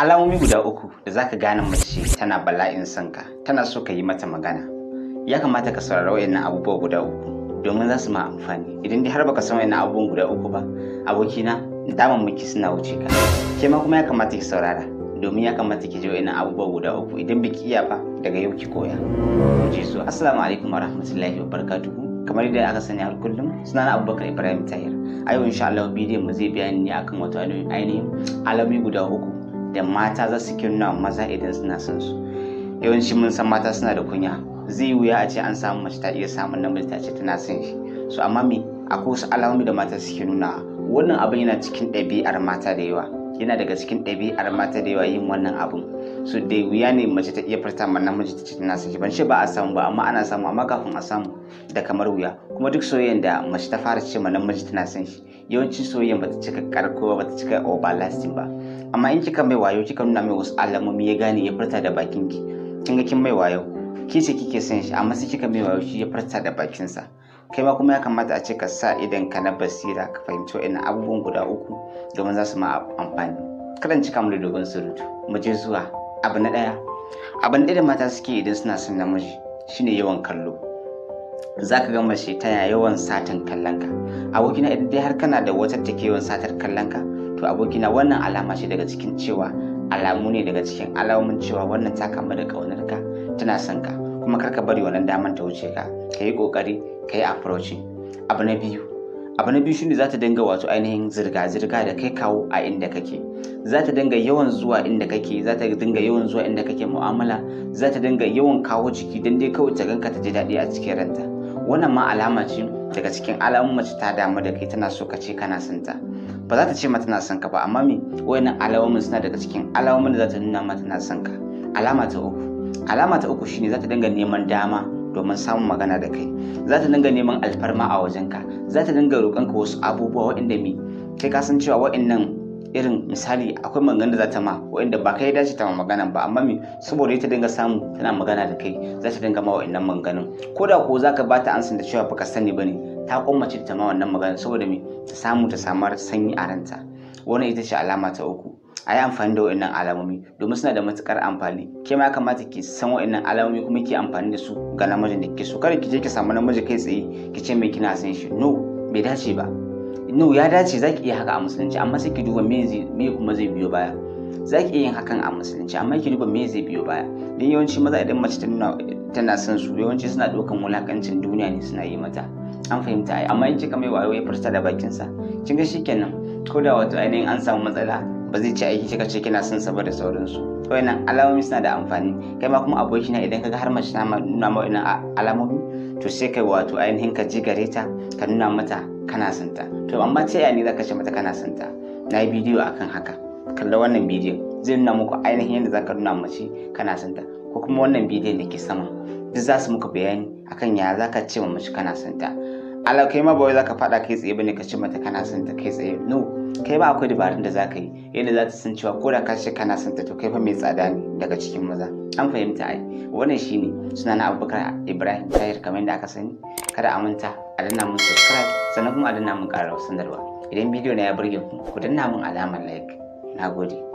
alamomi guda uku da zaka gane mace tana bala'in sanka tana so ka yi mata magana ya kamata ka saurari nan abubuwa guda uku domin za su ma amfani idan dai har baka san wayannan abubuwan guda uku ba abokina daman miki suna wuce ka ke ma kuma ya kamata ki saurara domin ya kamata ki je wayannan abubuwa guda uku idan biki iya ba daga yau ki koya je so assalamu alaikum warahmatullahi wabarakatuhu kamar yadda aka sani har kullum suna na abubakar ibrahim tahir a yau insha Allah bidiyon mu zai bayani ne akan wato ainihin alamomi guda uku da mata za su kirna maza idan suna son su yawanci mun san mata suna da kunya zai wuya a ce an samu mace ta iya samun namiji ta ce tana son shi so amma me akwai wasu alamomi da mata suke nuna wannan abin yana cikin ɗabi'ar mata da yawa yana daga cikin ɗabi'ar mata da yawa yin wannan abin so da wuya ne mace ta iya furta ma namiji ta ce tana son shi ban ce ba a samu ba amma ana samu amma kafin a samu da kamar wuya kuma duk soyayyar da mace ta fara ce ma namiji tana son shi yawancin ba bata cika karko ba ta cika overlasting ba amma in kika mai wayo kika nuna mai wasu alamomi ya gane ya furta da bakin ki kin ga kin mai wayo ki ce kike son shi amma sai kika mai wayo shi ya furta da bakin sa kai ma kuma ya kamata a ce ka sa idan ka na basira ka fahimci wa'annan abubuwan guda uku domin za su ma amfani kadan cika mu da dogon surutu mu je zuwa abu na daya abu na da mata suke idan suna son namiji shine yawan kallo za ka ga mace tana yawan satan kallon ka abokina idan dai har kana da wata take yawan satar kallon ka to abokina wannan alama ce daga cikin cewa alamu ne daga cikin alamun cewa wannan ta kama da ka? tana son ka kuma kar ka bari wannan damar ta wuce ka ka yi ƙoƙari ka yi approaching abu na biyu abu na biyu shine za ta dinga wato ainihin zirga-zirga da kai kawo a inda kake za ta dinga yawan zuwa inda kake za ta dinga yawan zuwa inda kake mu'amala za ta dinga yawan kawo jiki don dai kawai ta ganka ta ji daɗi a cikin ranta wannan ma alama ce daga cikin alamun mace ta damu da kai tana so ka ce kana son ta ba za ta ce mata na son ka ba amma me wayannan alamomin suna daga cikin alamomin da za ta nuna mata na son ka alama ta uku alama ta uku shine za ta dinga neman dama domin samun magana da kai za ta dinga neman alfarma a wajenka za ta dinga roƙonka wasu abubuwa waɗanda me kai ka san cewa waɗannan irin misali akwai magana da za ta ma wa'inda ba kai dace ta ma magana ba amma me saboda ita dinga samu tana magana da kai za ta dinga ma wa'innan maganganun ko da ko zaka ba ta ansan da cewa baka sani bane ta ce ta ma wannan maganin saboda me ta samu ta samar sanyi a ranta wannan ita ce alama ta uku a yi amfani da wa'annan alamomi domin suna da matukar amfani ke ma kamata ki san wa'annan alamomi kuma ki amfani da su ga namijin da kike so kada ki je ki samu namiji kai tsaye ki ce mai kina san shi no bai dace ba no ya dace za ki iya haka a musulunci amma sai ki duba me kuma zai biyo baya za ki iya yin hakan a musulunci amma ki duba me zai biyo baya don yawanci maza idan mace tana son su yawanci suna ɗaukan wulakancin duniya ne suna yi mata an fahimta ai amma in kika mai wayo ya furta da bakinsa kin ga shikenan ko da wato ainihin an samu matsala ba zai ci aiki kace kina son sa da sauransu wayannan alamomi suna da amfani kai ma kuma abokina, idan kaga har mace na nuna ma wani alamomi to sai kai wato ainihin ka ji gare ta ka nuna mata kana son ta to amma ta yani zaka ce mata kana son ta na yi bidiyo akan haka kalla wannan bidiyon zai nuna muku ainihin yadda zaka nuna mace kana son ta ko kuma wannan bidiyon da ke sama duk za su muku bayani akan ya zaka ce wa mace kana son ta alakai ma ba wai zaka faɗa kai tsaye bane ka ce mata kana son ta kai tsaye no kai ba akwai dabarun da za ka yi yadda za ta san cewa ko da ka shi kana son ta to kai fa mai tsada ne daga cikin maza an fahimta ai wannan shine suna na abubakar ibrahim tahir kamar yadda aka sani kada a manta a danna mun subscribe sannan kuma a danna mun ƙararrawar sanarwa idan bidiyo na ya burge ku ku danna mun alamar like na gode